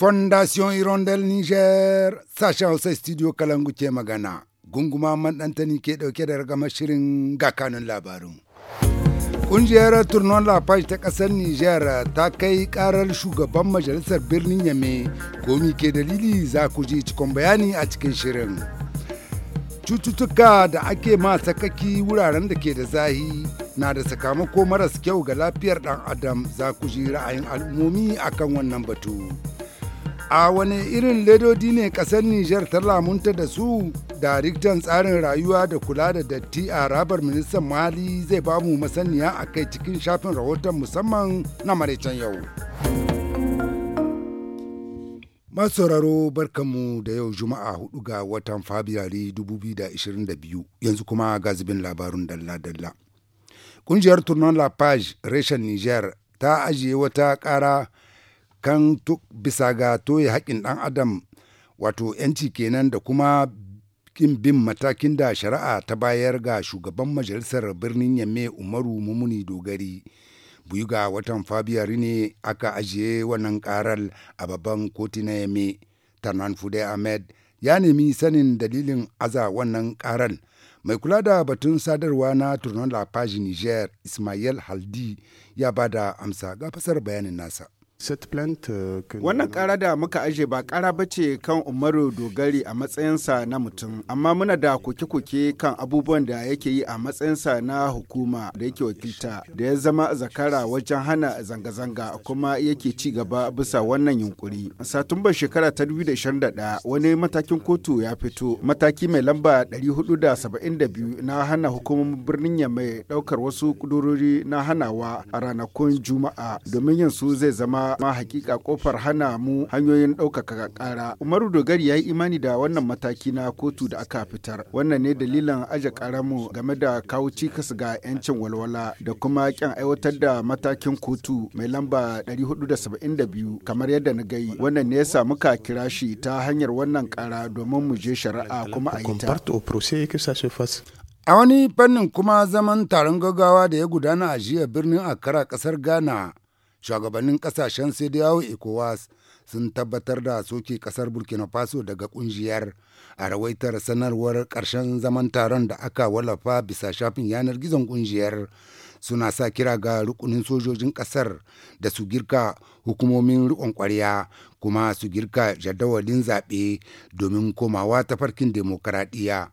fondation irondel niger sashen hausa studio kalangu ke magana gunguma dantani ke ɗauke da ragamar shirin gakanin labarin Ƙungiyar turnon lafash ta ƙasar Niger ta kai ƙarar shugaban majalisar birnin Yame komi ke dalili za ku ji cikon bayani a cikin shirin. Cututtuka da ake ma sakaki wuraren da ke da zahi na da sakamako maras kyau ga lafiyar ɗan adam za ku ji ra'ayin al'ummomi akan wannan batu. a wani irin ledodi ne kasar Nijar ta lamunta da su daraktan tsarin rayuwa da kula da datti a rabar ministan mali zai bamu masaniya a kai cikin shafin rahoton musamman na maraicen yau masauraro barkanmu da yau juma'a hudu ga watan fabiyari 2022 yanzu kuma gazibin labarun dalla-dalla kungiyar turnon la page reshen niger ta ajiye wata kara kan bisa ga toye haƙƙin ɗan adam wato 'yanci kenan da kuma kin bin matakin da shari'a ta bayar ga shugaban majalisar birnin yamme umaru mumuni dogari buyu ga watan fabiyari ne aka ajiye wannan karar a babban kotu na yamme tanan fude ahmed ya nemi sanin dalilin aza wannan karar mai kula da batun sadarwa na turnon lafaji niger ismail haldi ya bada amsa ga fasar bayanin nasa Uh, wannan kara da muka aje ba kara bace kan Umaru Dogari a matsayinsa na mutum, amma muna da koke-koke kan abubuwan da yake yi a matsayinsa na hukuma da yake wakilta da ya zama zakara wajen hana zanga-zanga kuma yake ci gaba bisa wannan yunkuri. Satumbar shekara ta 2021 wani matakin kotu ya fito mataki mai lamba 472 na hana hukumomin birnin mai ɗaukar wasu kudurori na hanawa a ranakun Juma'a domin yin su zai zama ma hakika kofar hana mu hanyoyin ɗaukaka ƙara. Umaru Dogari ya yi imani da wannan mataki na kotu da aka fitar. Wannan ne dalilan aje ƙaramu game da kawo cikas ga 'yancin walwala da kuma kyan aiwatar da matakin kotu mai lamba 472 kamar yadda na gai. Wannan ne ya samu ka kira shi ta hanyar wannan ƙara domin mu je shari'a kuma a A wani fannin kuma zaman taron gaggawa da ya gudana a jiya birnin akara kasar Ghana shugabannin kasashen sai yawo ecowas sun tabbatar da soke kasar burkina faso daga kungiyar a rawaitar sanarwar karshen zaman taron da aka wallafa bisa shafin yanar gizon kungiyar suna sa kira ga rukunin sojojin kasar da su girka hukumomin rikon kwarya kuma su girka jadawalin zaɓe domin komawa ta farkin demokaradiyya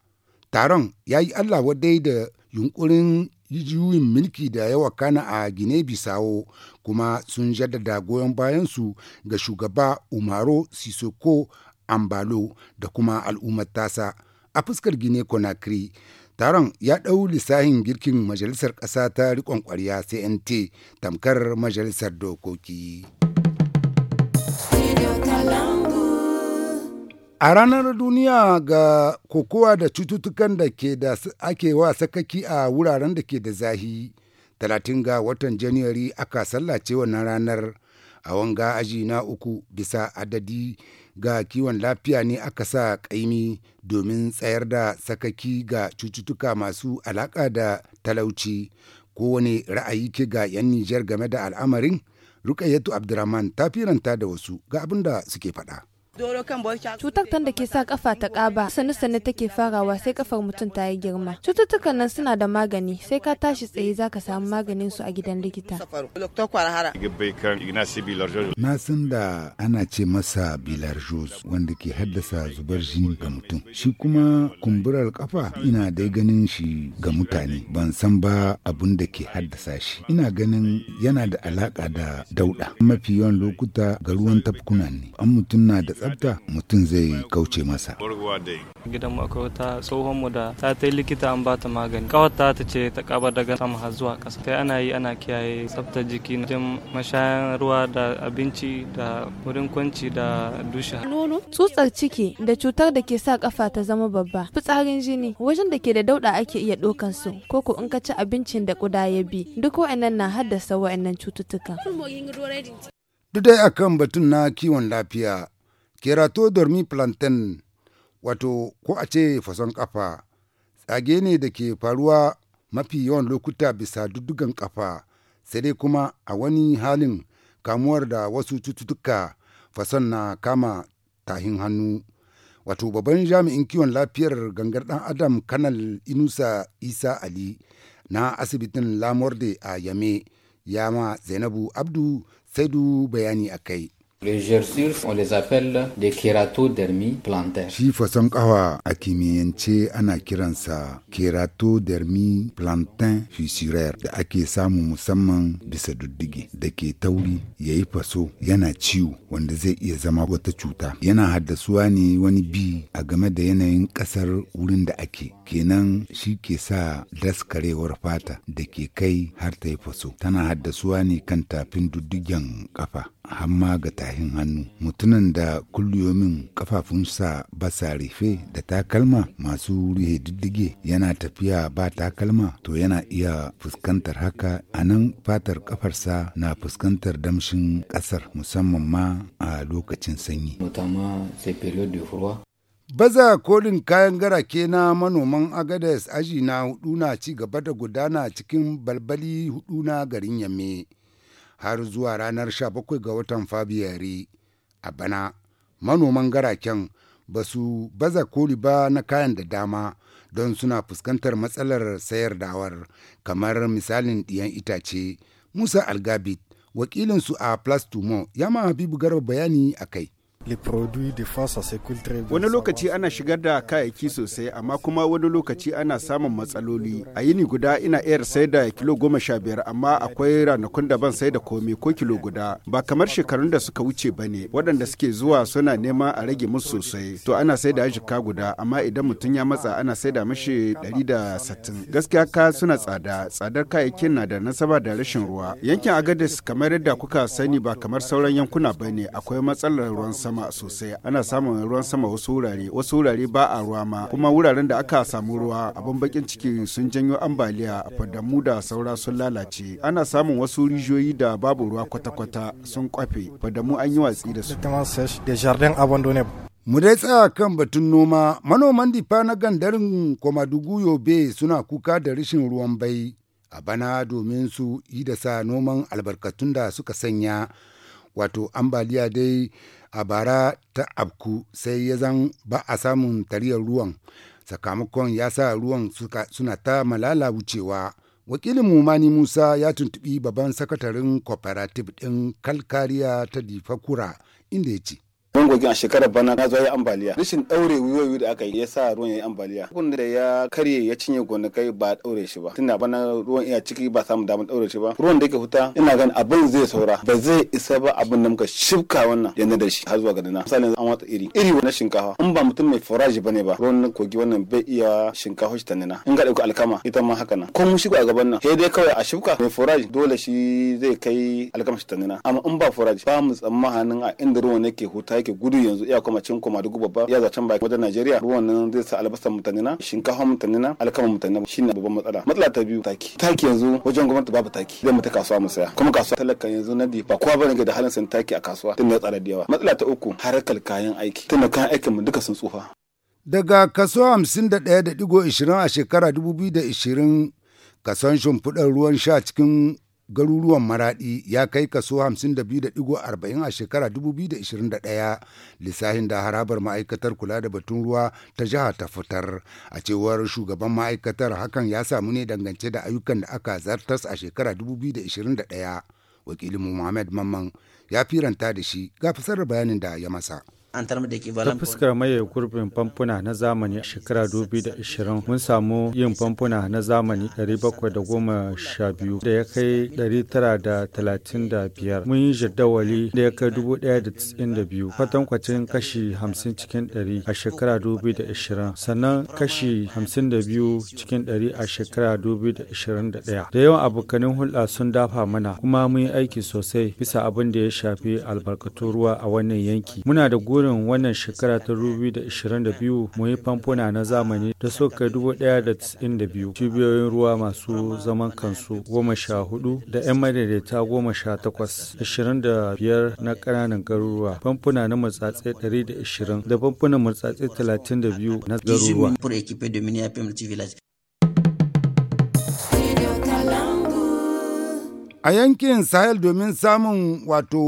taron ya yi allah wadai da yunkurin jijiyoyin milki da yawa kana a gine bisawo kuma sun jaddada goyon bayansu ga shugaba umaro sisoko ambalo da kuma al'ummar tasa a fuskar gine conakry taron ya ɗau lissahin girkin majalisar ƙasa ta riƙon ƙwarya cnt tamkar majalisar dokoki. A ranar duniya ga kokowa da cututtukan da ke da ake wa sakaki a wuraren da ke da zahi, 30 ga watan Janairu aka sallace wannan ranar a wanga aji na uku bisa adadi ga kiwon lafiya ne aka sa kaimi domin tsayar da sakaki ga cututtuka masu alaƙa da talauci. Kowane ra'ayi ke ga 'yan Nijar game da al'amarin, Rukayyatu Abdurrahman ta firanta da wasu ga abin da suke faɗa. Cutar tan da ke sa kafa ta ƙaba sani-sani sane take farawa sai kafar mutum ta yi girma. Cututtukan nan suna da magani sai ka tashi tsaye za ka samu maganin su a gidan likita. Na san da ana ce masa bilarjos wanda ke haddasa zubar jini ga mutum. Shi kuma kumburar kafa ina dai ganin shi ga mutane ban san ba abun da ke haddasa shi. Ina ganin yana da alaka da dauda. Mafi yawan lokuta ga ruwan tafkuna ne. An mutum na da tsabta mutum zai kauce masa. gidan akwai wata mu da ta ta likita an bata magani. Kawar ta ta ce ta kaba daga sama har zuwa ƙasa. Sai ana yi ana kiyaye tsaftar jiki jin mashayan ruwa da abinci da wurin kwanci da dusha. Nono, tsutsar ciki da cutar da ke sa kafa ta zama babba. Fitsarin jini wajen da ke da dauɗa ake iya ɗaukan su ko ko in ka ci abincin da kuda ya bi duk wa'annan na haddasa wa'annan cututtuka. Duk dai akan batun na kiwon lafiya kerato dormi plantain wato ko a ce fason kafa tsage ne da ke faruwa mafi yawan lokuta bisa duddugan kafa sai dai kuma a wani halin kamuwar da wasu cututtuka fason na kama tahin hannu wato babban jami'in kiwon lafiyar gangar dan adam kanal inusa isa ali na asibitin lamorde a yame ya ma zainabu abdu saidu bayani a kai Les gerçures, on les appelle des keratodermies plantaires. Shi fason kawa a kimiyyance ana kiransa keratodermi plantain fissuraire da ake samu musamman bisa duddige da ke tauri ya yi faso yana ciwo wanda zai iya zama wata cuta. Yana haddasuwa ne wani bi a game da yanayin kasar wurin da ake. Kenan shi ke sa daskarewar fata da ke kai har ta yi faso. Tana haddasuwa ne kan tafin duddigen kafa, hamma ga tashin hannu mutumin da kulliyomin kafafunsa ba sa rufe da takalma masu ruhe diddige yana tafiya ba takalma to yana iya fuskantar haka a nan fatar kafarsa na fuskantar damshin kasar musamman ma a lokacin sanyi Baza kolin kayan garake na manoman Agades aji na hudu na ci gaba da gudana cikin balbali hudu na garin Yamme. har zuwa ranar 17 ga watan Fabiyari. A bana, manoman garaken ba su baza koli ba na kayan da dama don suna fuskantar matsalar sayar dawar kamar misalin ɗiyan itace. Musa Algabit, wakilinsu a Plus ya ma Habibu Garba bayani a kai. Wani lokaci ana shigar da kayayyaki sosai amma kuma wani lokaci ana samun matsaloli. A yini guda ina iya sai da kilo goma sha biyar amma akwai ranakun da ban sai da komai ko kilo guda. Ba kamar shekarun da suka wuce ba ne waɗanda suke zuwa suna nema a rage musu sosai. To ana sai da jika guda amma idan mutum ya matsa ana sai da mashi ɗari da sittin. Gaskiya ka suna tsada tsadar kayayyakin na da nasaba da rashin ruwa. Yankin agadis kamar yadda kuka sani ba kamar sauran yankuna ba ne akwai matsalar ruwan sama. girma sosai ana samun ruwan sama wasu wurare wasu wurare ba a ruwa ma kuma wuraren da aka samu ruwa abin bakin ciki sun janyo ambaliya fadamu da saura sun lalace ana samun wasu rijiyoyi da babu ruwa kwata-kwata sun kwafe fadamu an yi watsi da su Mu dai tsaya kan batun noma, manoman difa na gandarin Komadugu Yobe suna kuka da rashin ruwan bai a bana domin su yi da sa noman albarkatun da suka sanya wato ambaliya dai a bara ta abku sai ya zan ba a samun tariyar ruwan sakamakon ya sa ruwan suna ta malala wucewa wakilin mumani musa ya tuntubi babban sakatarin cooperative ɗin kalkariya ta difakura inda ya ce bangogin a shekarar bana na zo yi ambaliya rashin daure wiwoyi da aka yi ya sa ruwan ya yi ambaliya kun da ya karye ya cinye gonakai ba daure shi ba tunda bana ruwan iya ciki ba samu damar daure shi ba ruwan da yake huta ina gani abin zai saura ba zai isa ba abin da muka shifka wannan yanda da shi har zuwa ga dana misalin an watsa iri iri na shinkafa in ba mutum mai faraji bane ba ruwan kogi wannan bai iya shinkafa shi tanina in ga dauki alkama ita ma haka nan ko mun shigo a gaban nan sai dai kawai a shifka mai faraji dole shi zai kai alkama shi tanina amma in ba faraji ba mu tsammanin a inda ruwan yake huta ake gudu yanzu iya kuma cin kuma dugu babba ya zacen baki wajen Najeriya ruwan nan zai sa albasa mutane na shinkafa mutane na alkama mutane shi ne babban matsala matsala ta biyu taki taki yanzu wajen gwamnati babu taki zai mu ta kasuwa mu saya kuma kasuwa talaka yanzu na ba kowa bane ke da halin san taki a kasuwa tun da tsara da yawa matsala ta uku harkar kayan aiki tun da kayan aikin mu duka sun tsufa daga kaso 51.20 a shekara 2020 kason shimfiɗar ruwan sha cikin garuruwan maradi ya kai kaso 52.40 a shekara 2021 lissahin da harabar ma'aikatar kula da batun ruwa ta jiha ta fitar a cewar shugaban ma'aikatar hakan ya samu ne dangance da ayyukan da aka zartas a shekara 2021 wakilin muhammad mamman ya firanta da shi ga fasarar bayanin da ya masa an da ke valan ta fuskar maye gurbin famfuna na zamani shekara 2020 mun samu yin famfuna na zamani 712 da ya kai 935 mun yi jaddawali da ya kai 1092 kwatankwacin kashi 50 cikin 100 a shekara 2020 sannan kashi 52 cikin 100 a shekara 2021 da yawan abokanin hulɗa sun dafa mana kuma mun yi aiki sosai bisa abin da ya shafi albarkatun ruwa a wannan yanki muna da wurin wannan shekara ta 2022 mu yi famfuna na zamani da da 1,092 cibiyoyin ruwa masu zaman kansu 14 da 'yan madaidaita 18 25 na ƙananan garuruwa famfuna na murtsatse 120 da famfunan da 32 na garuruwa. a yankin sahel domin samun wato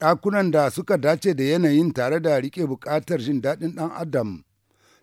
ɗakunan da suka dace da yanayin tare da rike buƙatar jin daɗin ɗan adam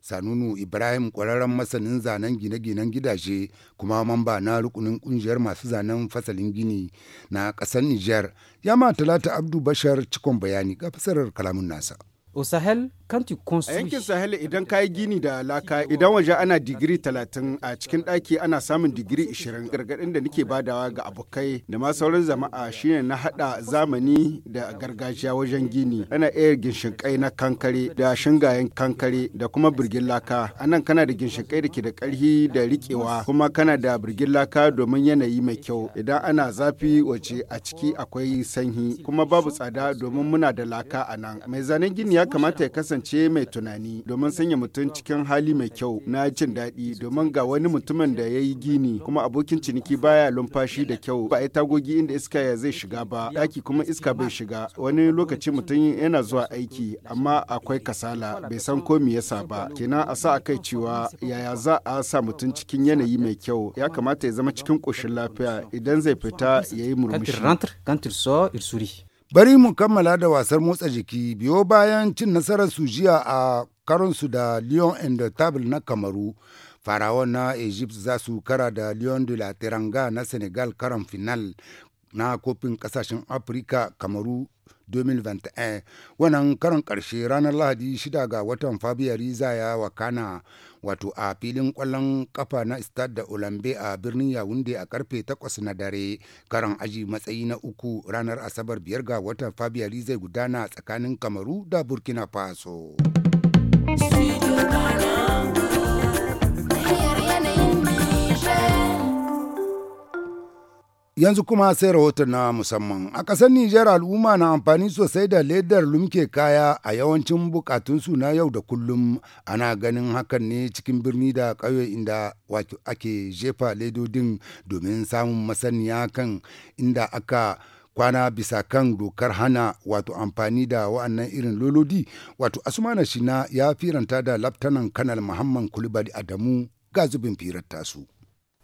sanunu ibrahim ƙwararren masanin zanen gine-ginen gidaje kuma mamba na rukunin ƙungiyar masu zanen fasalin gini na ƙasar niger ma talata abdu bashar cikon bayani ga fasarar kalamun nasa o Sahel A yankin Sahel idan ka yi gini da laka idan waje ana digiri 30 a cikin daki ana samun digiri 20 gargadin da nake badawa ga abokai da ma sauran jama'a shine na hada zamani da gargajiya wajen gini ana iya ginshiƙai na kankare da shingayen kankare da kuma birgin laka anan kana da ginshiƙai da ke da ƙarfi da rikewa kuma kana da birgin laka domin yanayi mai kyau idan ana zafi waje a ciki akwai sanyi kuma babu tsada domin muna da laka anan mai zanen gini ya kamata ya kasance mai tunani domin sanya mutum cikin hali mai kyau na jin daɗi domin ga wani mutumin da ya yi gini kuma abokin ciniki baya lumfashi da kyau ba a tagogi inda iska ya zai shiga ba ɗaki kuma iska bai shiga wani lokaci mutum yana zuwa aiki amma akwai kasala bai san ko me yasa ba kenan a sa kai cewa yaya za a sa mutum cikin yanayi mai kyau ya kamata ya zama cikin ƙoshin lafiya idan zai fita ya yi murmushi. Bari mu kammala da wasar motsa jiki biyo bayan cin nasarar su jiya a karonsu da Lyon and Table na Kamaru. farawo na Egypt za su kara da Lyon de la Teranga na Senegal karon final na kofin kasashen Afirka Kamaru 2021 wannan karon karshe ranar lahadi shida ga watan fabiyari zaya wakana wato a filin kwallon kafa na stade da olambe a birnin yawunde a karfe 8 na dare karon aji matsayi na uku ranar asabar biyar ga watan fabiyari zai gudana tsakanin kamaru da burkina faso. yanzu kuma sai rahoton na musamman a ƙasar nijar al'umma na amfani sosai da ledar lumke kaya a yawancin bukatunsu na yau da kullum ana ganin hakan ne cikin birni da ƙauye inda ake jefa ledodin domin samun masaniya kan inda aka kwana bisa kan dokar hana wato amfani da wa'annan irin lolodi wato asumana shina ya firanta da laftanan kanal muhammad kulibali adamu ga zubin firar tasu.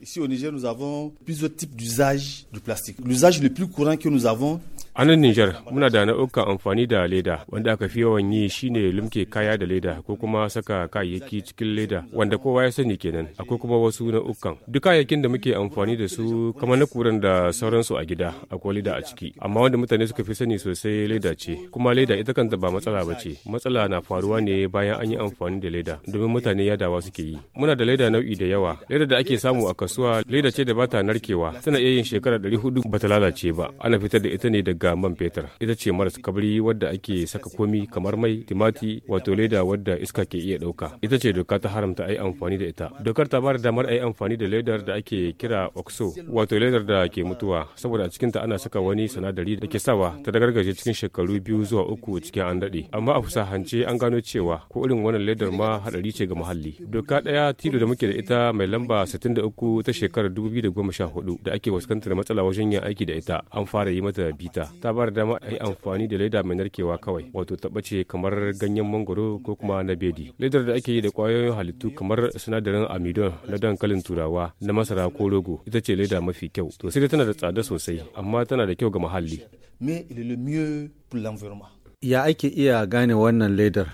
Ici au Niger, nous avons plusieurs types d'usages du plastique. L'usage le plus courant que nous avons, A nan Nijar muna da nau'ukan amfani da leda wanda aka fi yawan yi shine lumke kaya da leda ko kuma saka kayayyaki cikin leda wanda kowa ya sani kenan akwai kuma wasu nau'ukan. Duk kayayyakin da muke amfani da su kamar na kuran da sauransu a gida akwai leda a ciki amma wanda mutane suka fi sani sosai leda ce kuma leda ita kanta ba matsala ba ce matsala na faruwa ne bayan an yi amfani da leda domin mutane yadawa suke yi. Muna da leda nau'i da yawa leda da ake samu a kasuwa leda ce da bata narkewa tana iya yin shekara 400 ta lalace ba ana fitar da ita ne daga ga man fetur ita ce maras kabri wadda ake saka komi kamar mai timati wato leda wadda iska ke iya dauka ita ce doka ta haramta ai amfani da ita dokar ta bada damar ai amfani da ledar da ake kira oxo wato ledar da ke mutuwa saboda a cikin ta ana saka wani sanadari da ke sawa ta dagargaje cikin shekaru biyu zuwa uku cikin an daɗe amma a fusahance an gano cewa ko irin wannan ledar ma hadari ce ga muhalli doka ɗaya tilo da muke da ita mai lamba 63 ta shekarar 2014 da ake fuskantar matsala wajen yin aiki da ita an fara yi mata bita ta bar dama a yi amfani da leda mai narkewa kawai wato tabbace kamar ganyen mangoro ko kuma na bedi ledar da ake yi da kwayoyin halittu kamar sinadarin amidon na dankalin turawa na masara ko rogo ita ce leda mafi kyau to sai tana da tsada sosai amma tana da kyau ga muhalli ya ake iya gane wannan ledar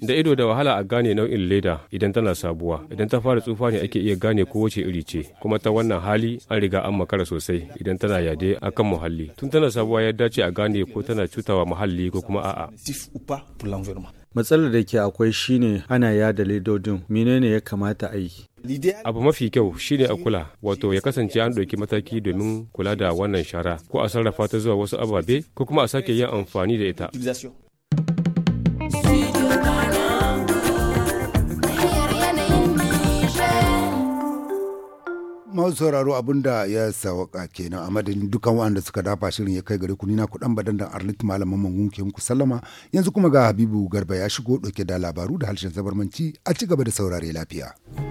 da ido da wahala a gane nau'in leda idan tana sabuwa idan ta fara tsufa ne ake iya gane ko wace iri ce kuma ta wannan hali an riga an makara sosai idan tana yade akan muhalli tun tana sabuwa ya dace a gane ko tana cutawa muhalli ko kuma a'a matsalar da ke akwai shine ana yada ledodin menene ya kamata a yi abu mafi kyau shine a kula wato ya kasance an ɗauki mataki domin kula da wannan shara ko a sarrafa ta zuwa wasu ababe ko kuma a sake yin amfani da ita masu sauraro abin da ya sawaka kenan a madadin dukan waɗanda suka dafa shirin ya kai gare ku nina kuɗan badan da Arlit malaman mangun ke muku sallama yanzu kuma ga Habibu Garba ya shigo ɗauke da labaru da harshen zabarmanci a ci gaba da saurare lafiya.